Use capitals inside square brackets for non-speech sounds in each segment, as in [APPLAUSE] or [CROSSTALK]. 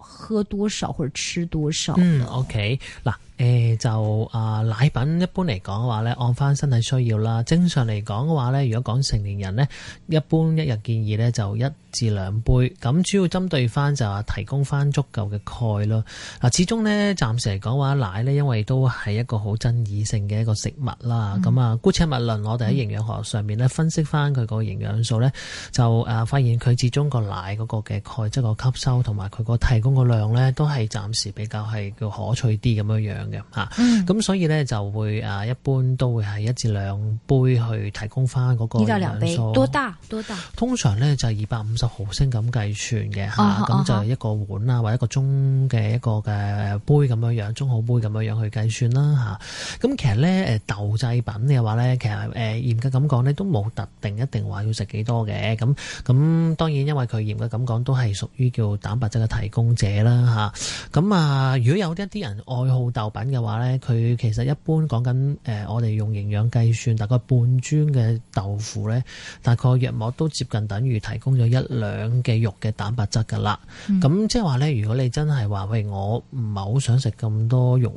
喝多少或者吃多少？嗯，OK 嗱，誒、呃、就啊奶粉一般嚟講嘅話咧，按翻身體需要啦。正常嚟講嘅話咧，如果講成年人咧，一般一日建議咧就一至兩杯。咁主要針對翻就話提供翻足夠嘅鈣咯。嗱，始終咧暫時嚟講話奶咧，因為都係一個好爭議性嘅一個食物啦。咁啊、嗯，姑且勿論我哋喺營養學上面咧分析翻佢個營養素咧，嗯、就誒發現佢始終奶個奶嗰個嘅鈣質個吸收同埋佢個提供。個量咧都係暫時比較係叫可取啲咁樣樣嘅吓，咁、嗯、所以咧就會誒一般都會係一至兩杯去提供翻嗰個，個量數，多大多大？通常咧就係二百五十毫升咁計算嘅吓，咁、哦哈啊、就係一個碗啦，或者一個中嘅一個嘅杯咁樣樣，中號杯咁樣樣去計算啦吓。咁其實咧誒豆製品嘅話咧，其實誒、呃、嚴格咁講咧都冇特定一定話要食幾多嘅，咁、啊、咁、啊、當然因為佢嚴格咁講都係屬於叫蛋白質嘅提供。者啦嚇，咁啊，如果有一啲人愛好豆品嘅話呢，佢其實一般講緊誒，我哋用營養計算，大概半磚嘅豆腐呢，大概約莫都接近等於提供咗一兩嘅肉嘅蛋白質㗎啦。咁、嗯、即係話呢，如果你真係話喂，我唔係好想食咁多肉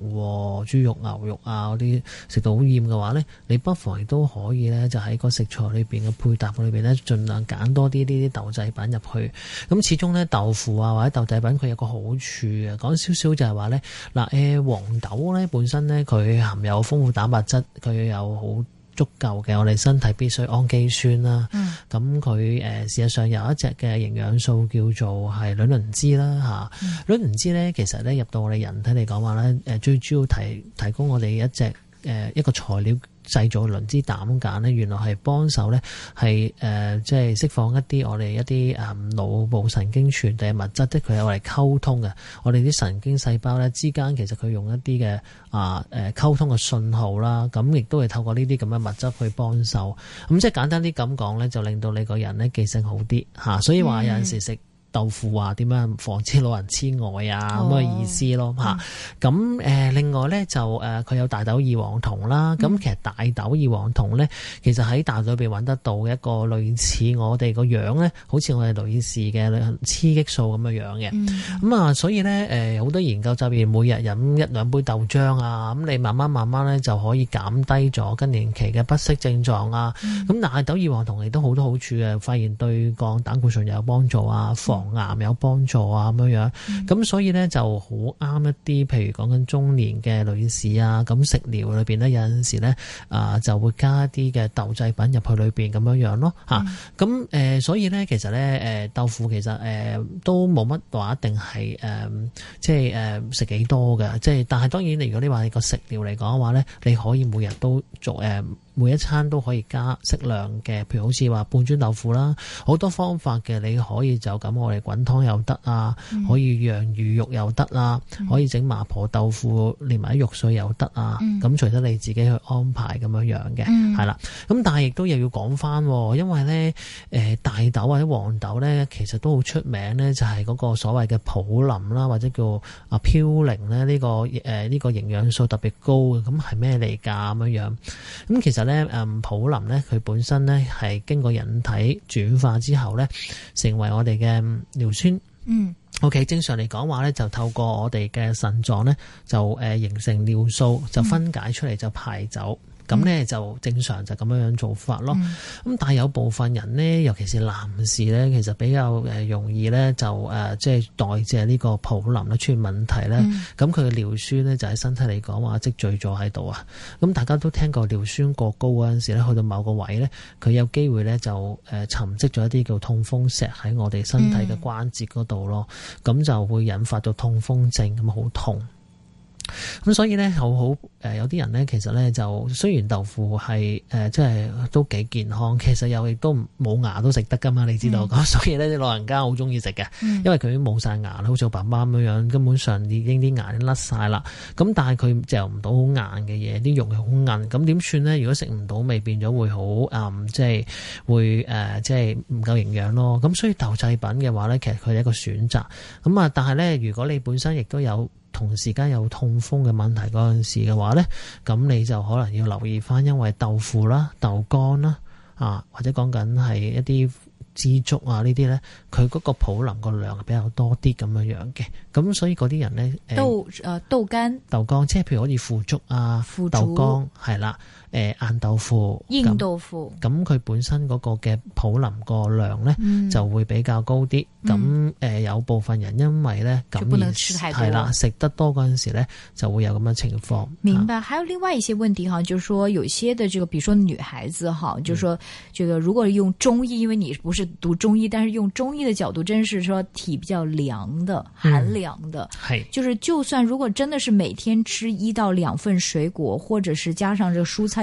豬肉牛肉啊嗰啲食到好厭嘅話呢，你不妨亦都可以呢，就喺個食材裏邊嘅配搭裏邊呢，儘量揀多啲呢啲豆製品入去。咁始終呢，豆腐啊或者豆製品佢。有一個好處啊，講少少就係話咧，嗱，誒，黃豆咧本身咧，佢含有豐富蛋白質，佢有好足夠嘅我哋身體必需氨基酸啦。嗯。咁佢誒，事實上有一隻嘅營養素叫做係卵磷脂啦，吓、啊。嗯。卵磷脂咧，其實咧入到我哋人體嚟講話咧，誒，最主要提提供我哋一隻。誒一個材料製造磷脂膽鹼咧，原來係幫手咧，係誒即係釋放一啲我哋一啲誒腦部神經傳遞嘅物質，即係佢係用嚟溝通嘅，我哋啲神經細胞咧之間其實佢用一啲嘅啊誒溝通嘅信號啦，咁亦都係透過呢啲咁嘅物質去幫手，咁即係簡單啲咁講咧，就令到你個人咧記性好啲嚇，所以話有陣時食、嗯。豆腐啊，點樣防止老人痴呆、呃、啊咁嘅意思咯嚇。咁誒、哦嗯啊，另外咧就誒，佢、呃、有大豆異黃酮啦。咁、嗯、其實大豆異黃酮咧，其實喺大豆裏邊揾得到一個類似我哋個樣咧，好似類似我哋女士嘅雌激素咁嘅樣嘅。咁、嗯、啊，所以咧誒，好、呃、多研究就係每日飲一兩杯豆漿啊，咁你慢慢慢慢咧就可以減低咗更年期嘅不適症狀啊。咁大豆異黃酮亦都好多好處嘅，發現對降膽固醇有幫助啊，防、嗯。癌有幫助啊咁樣樣，咁、嗯、所以咧就好啱一啲，譬如講緊中年嘅女士啊，咁食療裏邊咧有陣時咧啊就會加一啲嘅豆製品入去裏邊咁樣樣咯嚇，咁誒、嗯啊、所以咧其實咧誒豆腐其實誒、呃、都冇乜話一定係誒即係誒食幾多㗎，即係、呃、但係當然你如果你話你個食療嚟講嘅話咧，你可以每日都做誒。呃每一餐都可以加適量嘅，譬如好似話半磚豆腐啦，好多方法嘅，你可以就咁我哋滾湯又得啊，可以釀、嗯、魚肉又得啦，可以整、嗯、麻婆豆腐連埋啲肉碎又得啊，咁隨、嗯、得你自己去安排咁樣樣嘅，係啦、嗯。咁但係亦都又要講返，因為咧誒、呃、大豆或者黃豆咧，其實都好出名咧，就係嗰個所謂嘅普林啦，或者叫啊嘌呤咧呢個誒呢、呃呢個營養素特別高嘅，咁係咩嚟㗎咁樣樣咁其實。咧，誒，普林咧，佢本身咧係經過人體轉化之後咧，成為我哋嘅尿酸。嗯，OK，正常嚟講話咧，就透過我哋嘅腎臟咧，就誒形成尿素，就分解出嚟就排走。嗯咁咧就正常就咁樣樣做法咯。咁、嗯、但係有部分人呢，尤其是男士呢，其實比較誒容易呢、呃，就誒即係代謝呢個普林咧出現問題呢。咁佢嘅尿酸呢，就喺身體嚟講話積聚咗喺度啊。咁大家都聽過尿酸過高嗰陣時咧，去到某個位呢，佢有機會呢，就誒沉積咗一啲叫痛風石喺我哋身體嘅關節嗰度咯。咁、嗯、就會引發到痛風症咁好痛。咁所以咧，好好誒、呃，有啲人咧，其實咧就雖然豆腐係誒，即、呃、係都幾健康，其實又亦都冇牙都食得噶嘛，你知道咁，嗯、所以咧啲老人家好中意食嘅，嗯、因為佢已經冇晒牙啦，好似我爸爸咁樣樣，根本上已經啲牙甩晒啦。咁但係佢嚼唔到好硬嘅嘢，啲肉好硬，咁點算呢？如果食唔到，咪變咗會好即係會誒，即係唔、呃、夠營養咯。咁、嗯、所以豆製品嘅話咧，其實佢係一個選擇。咁啊，但係咧，如果你本身亦都有。同時間有痛風嘅問題嗰陣時嘅話呢，咁你就可能要留意返，因為豆腐啦、豆乾啦啊，或者講緊係一啲枝竹啊呢啲呢，佢嗰個普林個量係比較多啲咁樣樣嘅，咁所以嗰啲人咧、欸、豆啊、呃、豆乾即係，譬如可以腐竹啊，腐竹豆乾係啦。誒硬豆腐，硬豆腐，咁佢、嗯、本身嗰個嘅普林個量咧、嗯、就會比較高啲，咁誒、嗯呃、有部分人因為咧就唔食太多，係啦，食得多嗰陣時咧就會有咁嘅情況。明白，啊、還有另外一些問題哈，就是說有些的這個比如說女孩子哈，就是說這個、嗯、如果用中醫，因為你不是讀中醫，但是用中醫的角度，真是說體比較涼的，寒涼的，係、嗯，是就是就算如果真的是每天吃一到兩份水果，或者是加上這個蔬菜。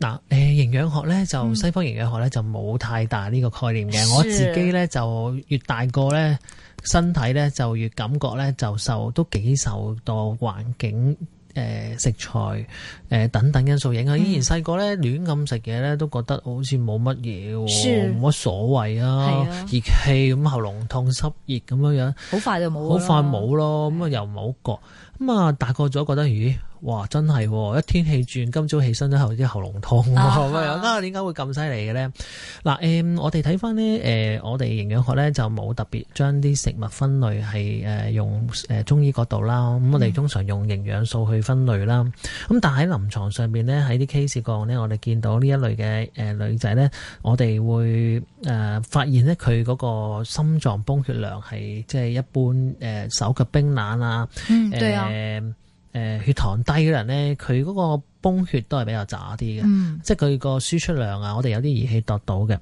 嗱，誒、呃，營養學咧就西方營養學咧就冇太大呢個概念嘅，的我自己咧就越大個咧，身體咧就越感覺咧就受都幾受到環境誒、呃、食材誒、呃、等等因素影響。嗯、以前細個咧亂咁食嘢咧，都覺得好似冇乜嘢，冇乜的所謂啊，熱氣咁喉嚨痛、濕熱咁樣樣，好快就冇，好快冇咯。咁啊又冇覺，咁啊大個咗覺得咦？哇，真係一天氣轉，今朝起身都喉啲喉嚨痛咁樣啊！點解 [LAUGHS] 會咁犀利嘅咧？嗱，誒，我哋睇翻呢，誒、呃，我哋營養學咧就冇特別將啲食物分類係誒用誒中醫角度啦。咁我哋通常用營養素去分類啦。咁但喺臨床上面咧，喺啲 case 個案咧，我哋見到呢一類嘅誒女仔咧，我哋會誒發現咧佢嗰個心臟泵血量係即係一般誒手腳冰冷、嗯、啊、誒。誒血糖低嘅人咧，佢嗰個。泵血都係比較渣啲嘅，嗯、即係佢個輸出量啊，我哋有啲儀器度到嘅，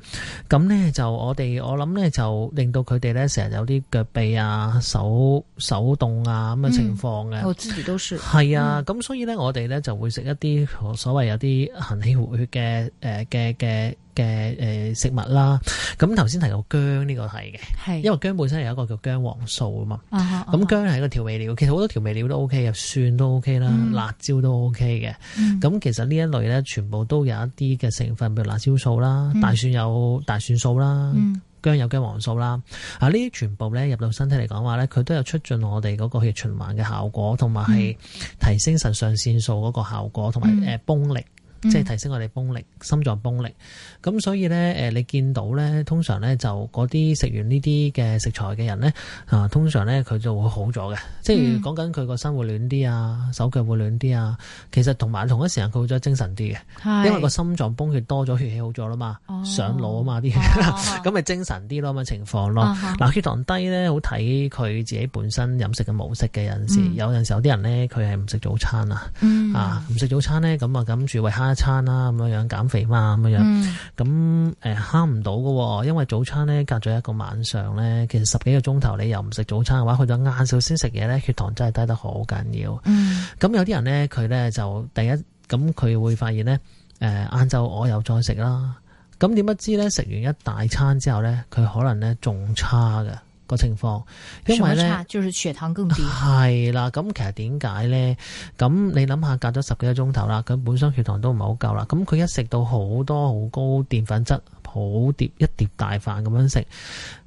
咁咧就我哋我諗咧就令到佢哋咧成日有啲腳臂啊、手手凍啊咁嘅情況嘅、嗯。我自己都算係啊，咁、嗯、所以咧我哋咧就會食一啲所謂有啲行氣活血嘅誒嘅嘅嘅誒食物啦。咁頭先提到薑呢個係嘅，係因為薑本身係有一個叫薑黃素啊嘛。咁薑係個調味料，其實好多調味料都 OK 嘅，蒜都 OK 啦、嗯，辣椒都 OK 嘅。咁、嗯、其實呢一類咧，全部都有一啲嘅成分，譬如辣椒素啦、嗯、大蒜有大蒜素啦、薑、嗯、有薑黃素啦。啊，呢啲全部咧入到身體嚟講話咧，佢都有促進我哋嗰個血液循環嘅效果，同埋係提升腎上腺素嗰個效果，同埋誒，泵力。即係提升我哋泵力、心臟泵力，咁所以咧，誒你見到咧，通常咧就嗰啲食完呢啲嘅食材嘅人咧，啊通常咧佢就會好咗嘅，即係講緊佢個身會暖啲啊，手腳會暖啲啊，其實同埋同一時間佢會再精神啲嘅，因為個心臟泵血多咗，血氣好咗啦嘛，上腦啊嘛啲，咁咪精神啲咯咁嘅情況咯。嗱血糖低咧，好睇佢自己本身飲食嘅模式嘅有陣時，有陣時有啲人咧佢係唔食早餐啊，啊唔食早餐咧咁啊，咁住一餐啦，咁樣樣減肥嘛，咁樣，咁誒慳唔到噶，因為早餐咧隔咗一個晚上咧，其實十幾個鐘頭你又唔食早餐嘅話，去到晏首先食嘢咧，血糖真係低得好緊要。咁、嗯、有啲人咧，佢咧就第一咁佢會發現咧，誒晏晝我又再食啦，咁點不知咧食完一大餐之後咧，佢可能咧仲差嘅。個情況，因為咧，就係血糖更低，係啦。咁其實點解咧？咁你諗下，隔咗十幾個鐘頭啦，咁本身血糖都唔係好夠啦。咁佢一食到好多好高澱粉質，好碟一碟大飯咁樣食，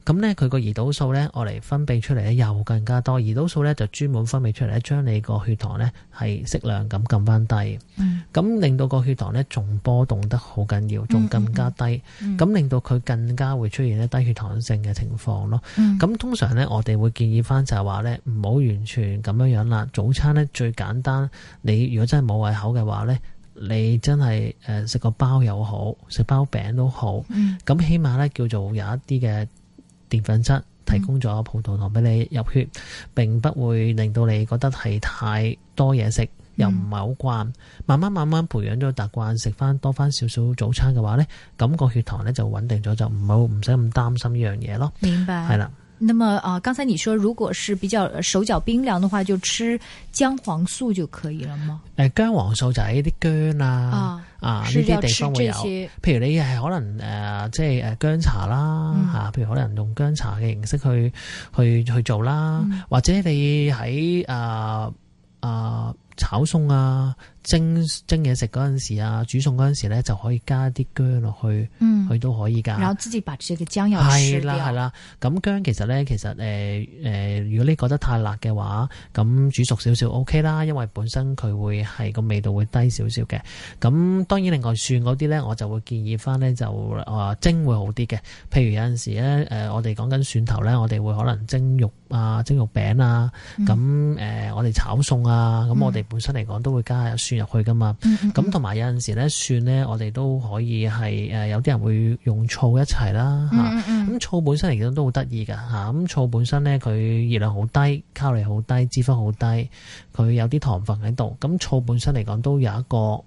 咁咧佢個胰島素咧，我嚟分泌出嚟咧又更加多。胰島素咧就專門分泌出嚟咧，將你個血糖咧係適量咁撳翻低。嗯咁令到個血糖咧仲波動得好緊要，仲更加低，咁、嗯嗯、令到佢更加會出現咧低血糖性嘅情況咯。咁、嗯、通常咧，我哋會建議返就係話咧，唔好完全咁樣樣啦。早餐咧最簡單，你如果真係冇胃口嘅話咧，你真係誒食個包又好，食包餅都好，咁、嗯、起碼咧叫做有一啲嘅澱粉質提供咗葡萄糖俾你入血，嗯嗯、並不會令到你覺得係太多嘢食。又唔係好慣，慢慢慢慢培養咗個習慣，食翻多翻少少早餐嘅話咧，咁個血糖咧就穩定咗，就唔好唔使咁擔心呢樣嘢咯。明白係啦。咁的麼啊，剛、呃、才你說，如果是比較手腳冰涼的話，就吃薑黃素就可以了嗎？誒、呃，薑黃素就係一啲薑啊啊呢啲、啊啊、地方會有，譬如你係可能誒、呃，即係誒薑茶啦吓、嗯啊，譬如可能用薑茶嘅形式去去去做啦，或者你喺誒誒。呃呃呃呃炒餸啊！蒸蒸嘢食嗰陣時啊，煮餸嗰陣時咧，就可以加啲薑落去，佢都、嗯、可以噶。然後自己把這個薑要吃掉。係啦係啦，咁薑其實咧，其實誒誒、呃呃，如果你覺得太辣嘅話，咁煮熟少少 OK 啦，因為本身佢會係個味道會低少少嘅。咁當然另外蒜嗰啲咧，我就會建議翻咧就誒、呃、蒸會好啲嘅。譬如有陣時咧誒、呃，我哋講緊蒜頭咧，我哋會可能蒸肉啊、蒸肉餅啊，咁誒、嗯呃、我哋炒餸啊，咁我哋本身嚟講都會加算入去噶嘛？咁同埋有陣時咧，蒜咧，我哋都可以係誒，有啲人會用醋一齊啦嚇。咁、嗯嗯嗯啊、醋本身嚟講都好得意噶嚇。咁、啊、醋本身咧，佢熱量好低，卡路里好低，脂肪好低，佢有啲糖分喺度。咁、啊、醋本身嚟講都有一個誒，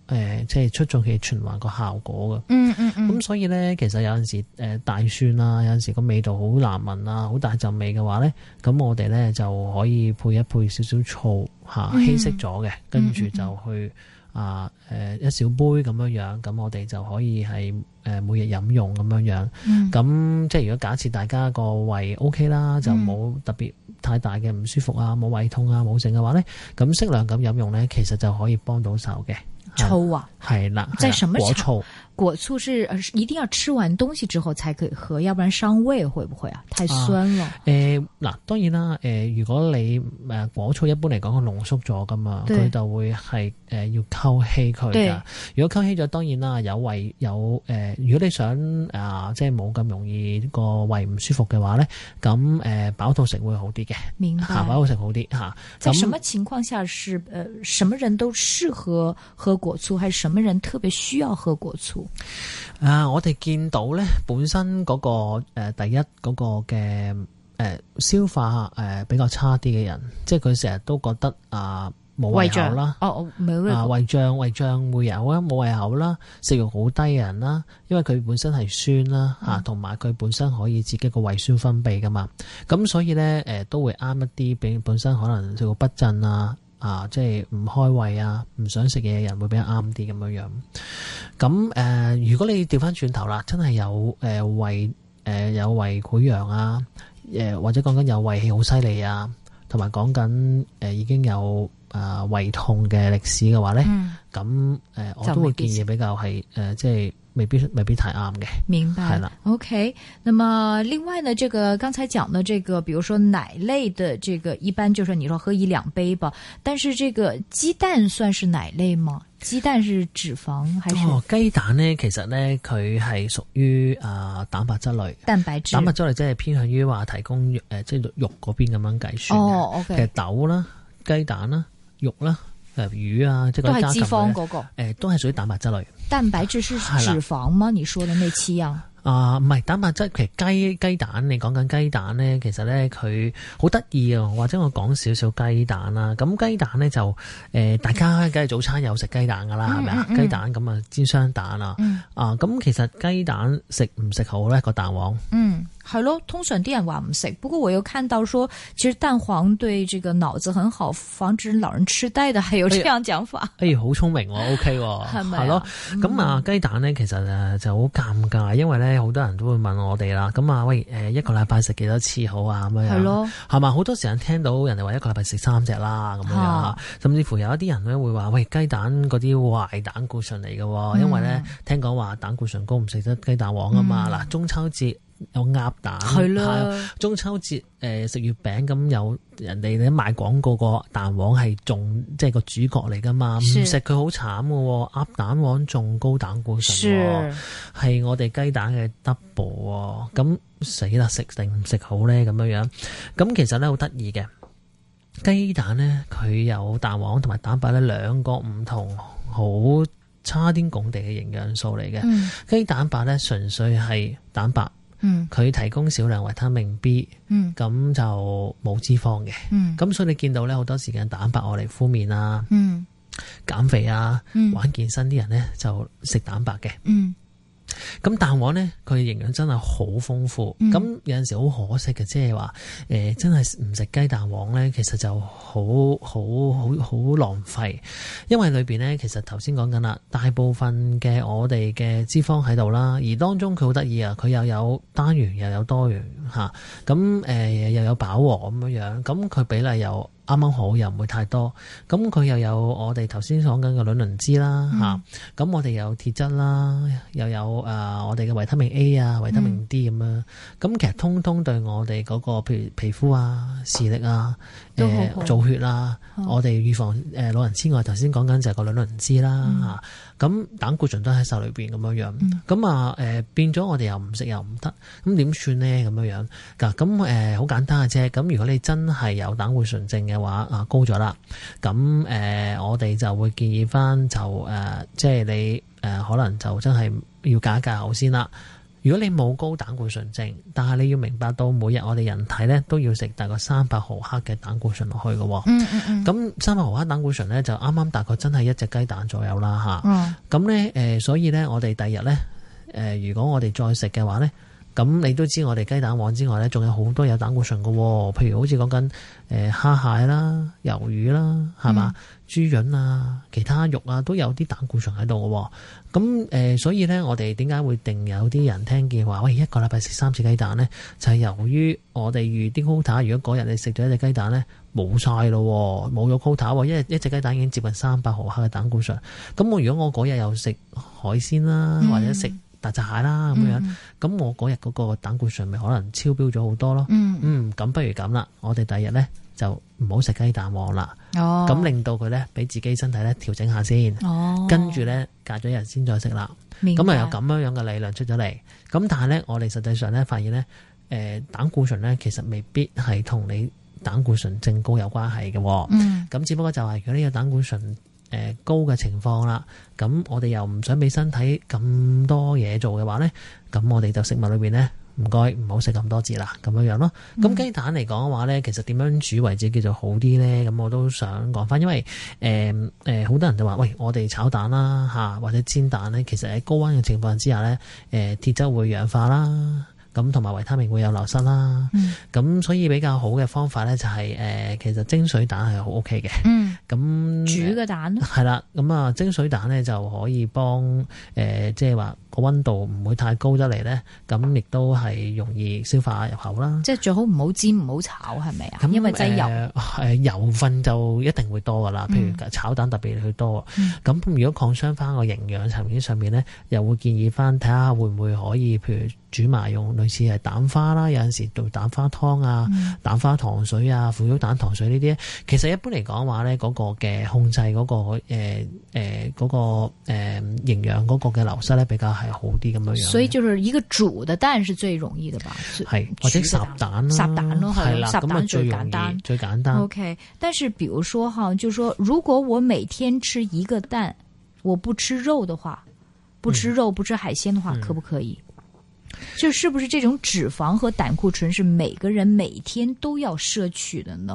即係促進佢嘅循環個效果噶。嗯，嗯嗯嗯。咁、啊、所以咧，其實有陣時誒大蒜啊，有陣時個味道好難聞啊，好大陣味嘅話咧，咁我哋咧就可以配一配一少少醋。吓稀釋咗嘅，跟住、嗯嗯、就去啊，誒、呃、一小杯咁樣樣，咁我哋就可以係誒每日飲用咁樣樣，咁、嗯、即係如果假設大家個胃 OK 啦，就冇特別太大嘅唔舒服啊，冇胃痛啊，冇剩嘅話咧，咁適量咁飲用咧，其實就可以幫到手嘅。醋啊！係啦，在什麼場果醋？果醋是，一定要吃完東西之後才可以喝，要不然傷胃，會不會啊？太酸了。誒、啊、嗱、呃呃，當然啦，誒、呃，如果你誒果醋一般嚟講係濃縮咗噶嘛，佢對就會係誒、呃、要溝稀佢噶。對如果溝稀咗，當然啦，有胃有誒、呃，如果你想啊、呃，即係冇咁容易個胃唔舒服嘅話咧，咁誒飽肚食會好啲嘅，明白。下飽、啊、食好啲吓。咁、啊、在什麼情況下是，誒，那什麼人都適合喝果醋，還是什麼？咩人特別需要喝果醋？啊，我哋見到咧，本身嗰個誒，第一嗰個嘅誒，消化誒比較差啲嘅人，即係佢成日都覺得啊，冇胃口啦，胃脹胃脹會有啊，冇胃口啦，食欲好低嘅人啦，因為佢本身係酸啦吓，同埋佢本身可以自己個胃酸分泌噶嘛，咁、嗯嗯、所以咧誒、呃、都會啱一啲，比本身可能食個不振啊。啊，即係唔開胃啊，唔想食嘢嘅人會比較啱啲咁樣樣。咁誒、呃，如果你調翻轉頭啦，真係有誒胃誒有胃潰瘍啊，誒或者講緊有胃氣好犀利啊，同埋講緊誒已經有。啊，胃痛嘅歷史嘅話呢，咁誒我都會建議比較係誒，即係未必未必太啱嘅。明白。係啦。O K，那麼另外呢，這個剛才講嘅，這個，比如說奶類嘅，這個，一般就是你說喝一兩杯吧。但是呢個雞蛋算是奶類嗎？雞蛋是脂肪還是？哦，雞蛋呢，其實呢，佢係屬於啊蛋白質類。蛋白質。蛋白質類即係偏向於話提供，即係肉嗰邊咁樣計算。哦，O K。其實豆啦、雞蛋啦。肉啦，誒魚啊，即係都係脂肪嗰個，誒都係屬於蛋白質類。蛋白質是脂肪嗎？你說的那七樣？啊，唔係蛋白質，其實雞雞蛋，你講緊雞蛋咧，其實咧佢好得意啊。或者我講少少雞蛋啊。咁雞蛋咧就誒，大家梗係早餐有食雞蛋噶啦，係咪啊？雞蛋咁啊煎雙蛋啦，啊咁其實雞蛋食唔食好咧？個蛋黃嗯。係咯，通常啲人話唔食。不過我又看到說，其實蛋黃對這個腦子很好，防止老人痴呆的，還有這樣講法。哎喲，好、哎、聰明喎，哦，OK 喎，哦，係咪啊？咁啊的，雞、嗯、蛋呢，其實誒就好尷尬，因為咧好多人都會問我哋啦。咁啊，喂，誒、呃，一個禮拜食幾多次好啊？咁樣係咯，係嘛的？好多時間聽到人哋話一個禮拜食三隻啦，咁樣，啊，甚至乎有一啲人咧會話喂，雞蛋嗰啲壞膽固醇嚟嘅，哦，因為咧、嗯、聽講話膽固醇高唔食得雞蛋黃啊嘛。嗱，中秋節。有鴨蛋係啦，的中秋節誒食月餅，咁有人哋咧賣廣告個蛋黃係仲即係個主角嚟噶嘛？唔食佢好慘噶，鴨蛋黃仲高膽固醇，係是我哋雞蛋嘅 double、哦。咁死啦，食定唔食好咧？咁樣樣咁其實咧好得意嘅，雞蛋咧，佢有蛋黃同埋蛋白咧，兩個唔同好差天共地嘅營養素嚟嘅。雞、嗯、蛋白咧純粹係蛋白。佢、嗯、提供少量維他命 B，咁、嗯、就冇脂肪嘅，咁、嗯、所以你見到咧，好多時間蛋白我嚟敷面啊，減、嗯、肥啊，嗯、玩健身啲人咧就食蛋白嘅。嗯嗯咁蛋黃咧，佢營養真係好豐富。咁、嗯、有陣時好可惜嘅，即係話誒，真係唔食雞蛋黃咧，其實就好好好好浪費。因為裏邊咧，其實頭先講緊啦，大部分嘅我哋嘅脂肪喺度啦，而當中佢好得意啊，佢又有單元又有多元吓，咁、啊、誒、呃、又有飽和咁樣樣，咁佢比例有。啱啱好又唔會太多，咁佢又有我哋頭先講緊嘅卵磷脂啦，吓咁、嗯啊、我哋有鐵質啦，又有誒、呃、我哋嘅維他命 A 啊、維他命 D 咁啦、嗯，咁其實通通對我哋嗰個譬如皮膚啊、視力啊、誒、呃、造血啦、啊，嗯、我哋預防誒老人痴呆，頭先講緊就係個卵磷脂啦，吓、嗯。咁膽固醇都喺手裏邊咁樣樣，咁啊誒變咗我哋又唔食又唔得，咁點算呢？咁樣樣？嗱，咁誒好簡單嘅啫，咁如果你真係有膽固醇症嘅話，啊高咗啦，咁誒、呃、我哋就會建議翻就誒，即、呃、係、就是、你誒、呃、可能就真係要假戒口先啦。如果你冇高膽固醇症，但係你要明白到每日我哋人體呢都要食大概三百毫克嘅膽固醇落去嘅。嗯嗯嗯。咁三百毫克膽固醇呢，就啱啱大概真係一隻雞蛋左右啦吓，嗯。咁呢誒，所以呢，呃、所以我哋第二日呢，誒、呃，如果我哋再食嘅話呢。咁你都知我哋雞蛋黃之外呢，仲有好多有膽固醇嘅、哦，譬如好似講緊誒蝦蟹啦、魷魚啦，係嘛？嗯、豬潤啊、其他肉啊，都有啲膽固醇喺度嘅。咁誒、呃，所以呢，我哋點解會定有啲人聽見話，喂，一個禮拜食三次雞蛋呢，就係、是、由於我哋預啲 quota，如果嗰日你食咗一隻雞蛋呢，冇晒咯，冇咗 quota，因為一隻雞蛋已經接近三百毫克嘅膽固醇。咁我如果我嗰日又食海鮮啦，或者食、嗯。大閘蟹啦咁嘅樣，咁、嗯、我嗰日嗰個膽固醇咪可能超標咗好多咯。嗯，咁、嗯、不如咁啦，我哋第二日咧就唔好食雞蛋黃啦。哦，咁令到佢咧俾自己身體咧調整下先。哦，跟住咧隔咗一日先再食啦。咁啊有咁樣樣嘅理論出咗嚟。咁但係咧，我哋實際上咧發現咧，誒、呃、膽固醇咧其實未必係同你膽固醇正高有關係嘅。嗯，咁只不過就係佢呢個膽固醇。誒，高嘅情況啦，咁我哋又唔想俾身體咁多嘢做嘅話呢，咁我哋就食物裏邊呢，唔該唔好食咁多脂啦，咁樣樣咯。咁雞、嗯、蛋嚟講嘅話呢，其實點樣煮為止叫做好啲呢？咁我都想講翻，因為誒誒，好、呃呃、多人就話，喂，我哋炒蛋啦吓，或者煎蛋呢，其實喺高温嘅情況之下呢，誒、呃，鐵質會氧化啦。咁同埋維他命會有流失啦。咁、嗯、所以比較好嘅方法咧、就是，就係誒其實蒸水蛋係好 OK 嘅。咁、嗯嗯、煮嘅蛋係啦。咁啊蒸水蛋咧就可以幫誒，即係話個溫度唔會太高得嚟咧。咁亦都係容易消化入口啦。即係最好唔好煎，唔好炒，係咪啊？咁因為擠油係、呃呃、油分就一定會多噶啦。譬如炒蛋特別去多。咁、嗯嗯、如果抗傷翻個營養層面上面咧，又會建議翻睇下會唔會可以，譬如。煮埋用類似係蛋花啦，有陣時做蛋花湯啊、蛋花糖水啊、腐竹蛋糖水呢啲，其實一般嚟講話呢，嗰、那個嘅控制嗰、那個誒誒嗰個誒、呃、營養嗰個嘅流失呢，比較係好啲咁樣樣。所以，就是一個煮嘅蛋是最容易嘅吧？係是是或者烚蛋、烚蛋咯、啊，係啦，咁最，蛋最簡單、最簡單。O K，但是，比如說哈，就是說如果我每天吃一個蛋，我不吃肉的話，不吃肉、不吃海鮮的話，可不可以？嗯就是不是這種脂肪和膽固醇是每個人每天都要攝取的呢？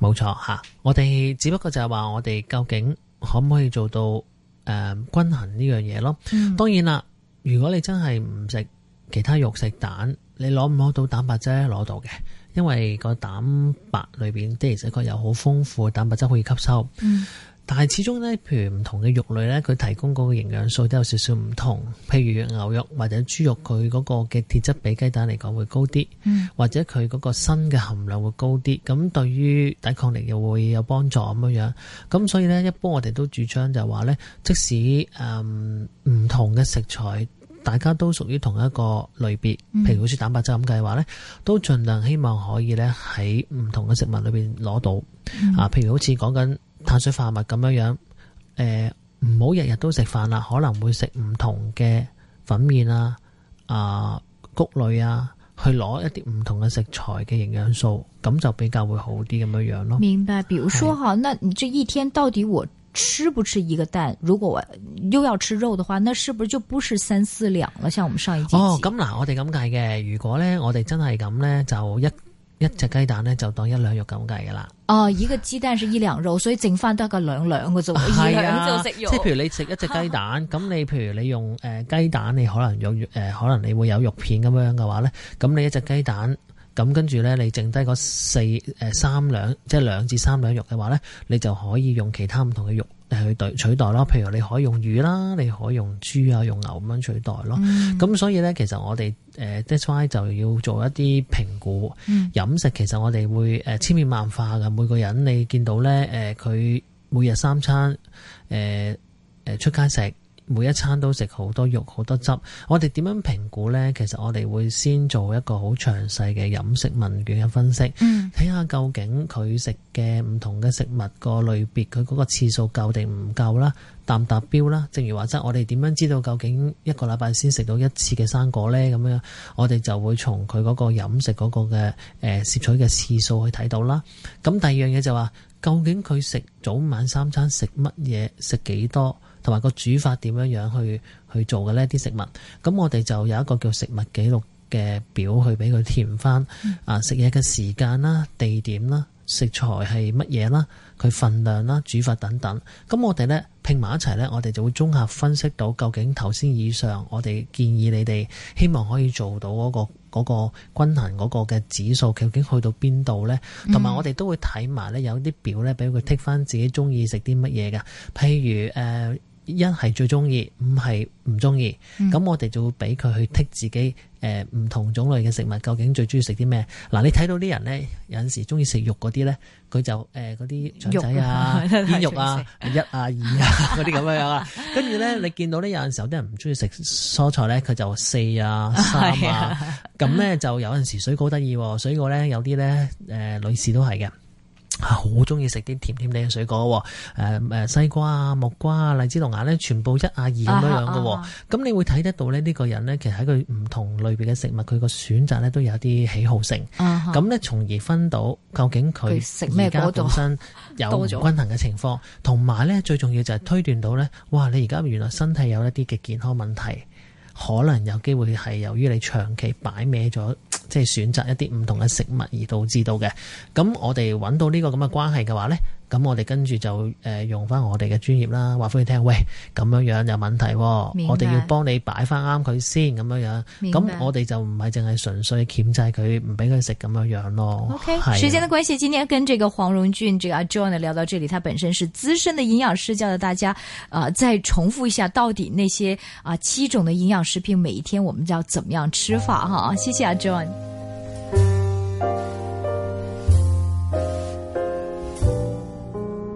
冇錯吓，我哋只不過就係話我哋究竟可唔可以做到，呃、均衡呢樣嘢咯？嗯、當然啦，如果你真係唔食其他肉食蛋，你攞唔攞到蛋白質攞到嘅，因為個蛋白裏邊的而且確有好豐富嘅蛋白質可以吸收。嗯但係始終咧，譬如唔同嘅肉類咧，佢提供嗰個營養素都有少少唔同。譬如牛肉或者豬肉，佢嗰個嘅鐵質比雞蛋嚟講會高啲，嗯、或者佢嗰個鋅嘅含量會高啲。咁對於抵抗力又會有幫助咁樣樣。咁所以呢，一般我哋都主張就係話呢，即使誒唔、嗯、同嘅食材，大家都屬於同一個類別，譬如好似蛋白質咁計話呢，都盡量希望可以呢喺唔同嘅食物裏邊攞到、嗯、啊。譬如好似講緊，碳水化合物咁樣樣，誒、呃，唔好日日都食飯啦，可能會食唔同嘅粉麵啊，啊、呃，穀類啊，去攞一啲唔同嘅食材嘅營養素，咁就比較會好啲咁樣樣咯。明白，比如說哈，是那你這一天到底我吃不吃一個蛋？如果我又要吃肉嘅話，那是不是就不是三四兩了？像我們上一集集哦，咁嗱，我哋咁計嘅，如果呢，我哋真係咁呢，就一。一隻雞蛋咧就當一兩肉咁計噶啦。哦，依個雞蛋係一兩肉，所以剩翻得個兩兩嘅啫、 [LAUGHS] 兩兩就食肉，啊。即係譬如你食一隻雞蛋，咁 [LAUGHS] 你譬如你用誒、呃、雞蛋，你可能有誒、呃，可能你會有肉片咁樣嘅話咧，咁你一隻雞蛋，咁跟住咧，你剩低個四誒、呃、三兩，即係兩至三兩肉嘅話咧，你就可以用其他唔同嘅肉。誒去代取代咯，譬如你可以用魚啦，你可以用豬啊，用牛咁樣取代咯。咁、嗯、所以咧，其實我哋誒 that's why 就要做一啲評估。飲、嗯、食其實我哋會誒千變萬化嘅，每個人你見到咧誒佢每日三餐誒誒、呃呃、出街食。每一餐都食好多肉好多汁，我哋點樣評估咧？其實我哋會先做一個好詳細嘅飲食問卷嘅分析，睇下、嗯、究竟佢食嘅唔同嘅食物個類別，佢嗰、嗯、個次數夠定唔夠啦，達唔達標啦？正如話齋，我哋點樣知道究竟一個禮拜先食到一次嘅生果咧？咁樣，我哋就會從佢嗰個飲食嗰個嘅誒攝取嘅次數去睇到啦。咁、嗯嗯、第二樣嘢就話、是，究竟佢食早晚三餐食乜嘢，食幾多？同埋個煮法點樣樣去去做嘅呢啲食物，咁，我哋就有一個叫食物記錄嘅表去俾佢填翻、嗯、啊，食嘢嘅時間啦、地點啦、食材係乜嘢啦、佢份量啦、煮法等等。咁我哋呢拼埋一齊呢，我哋就會綜合分析到究竟頭先以上我哋建議你哋希望可以做到嗰、嗰個嗰個均衡嗰個嘅指數，究竟去到邊度呢？同埋、嗯、我哋都會睇埋呢，有啲表呢俾佢剔翻自己中意食啲乜嘢嘅，譬如誒。呃一係最中意，五係唔中意，咁、嗯、我哋就會俾佢去剔自己，誒唔同種類嘅食物，究竟最中意食啲咩？嗱、啊，你睇到啲人咧，有陣時中意食肉嗰啲咧，佢就誒嗰啲腸仔啊、煙肉，肉啊、一啊、二啊嗰啲咁樣樣啦。跟住咧，你見到咧有陣時候有啲人唔中意食蔬菜咧，佢就四啊、三啊，咁咧是、啊、 [LAUGHS] 就有陣時水果得意，水果咧有啲咧，誒女士都係嘅。好中意食啲甜甜地嘅水果，誒、呃、誒，西瓜啊、木瓜啊、荔枝、龍眼咧，全部一啊二咁樣樣嘅。咁、啊啊、你會睇得到咧，呢個人咧，其實喺佢唔同類別嘅食物，佢個選擇咧，都有啲喜好性。咁咧、啊，啊、從而分到究竟佢食咩，本身有唔均衡嘅情況，同埋咧最重要就係推斷到咧，哇！你而家原來身體有一啲嘅健康問題。可能有機會係由於你長期擺歪咗，即係選擇一啲唔同嘅食物而導致到嘅。咁我哋揾到呢個咁嘅關係嘅話呢。咁我哋跟住就誒用翻我哋嘅專業啦，話俾佢聽，喂，咁樣樣有問題，白我哋要幫你擺翻啱佢先咁樣樣。咁白我哋就唔係淨係純粹牽制佢，唔俾佢食咁樣樣咯。OK，啊、時間嘅關係，今天跟這個黃榮俊、這個阿 John 聊到這裡，他本身是資深的營養師，教大家啊、呃，再重複一下到底那些啊、呃、七種的營養食品，每一天我們要怎麼樣吃法哈？謝謝阿 John。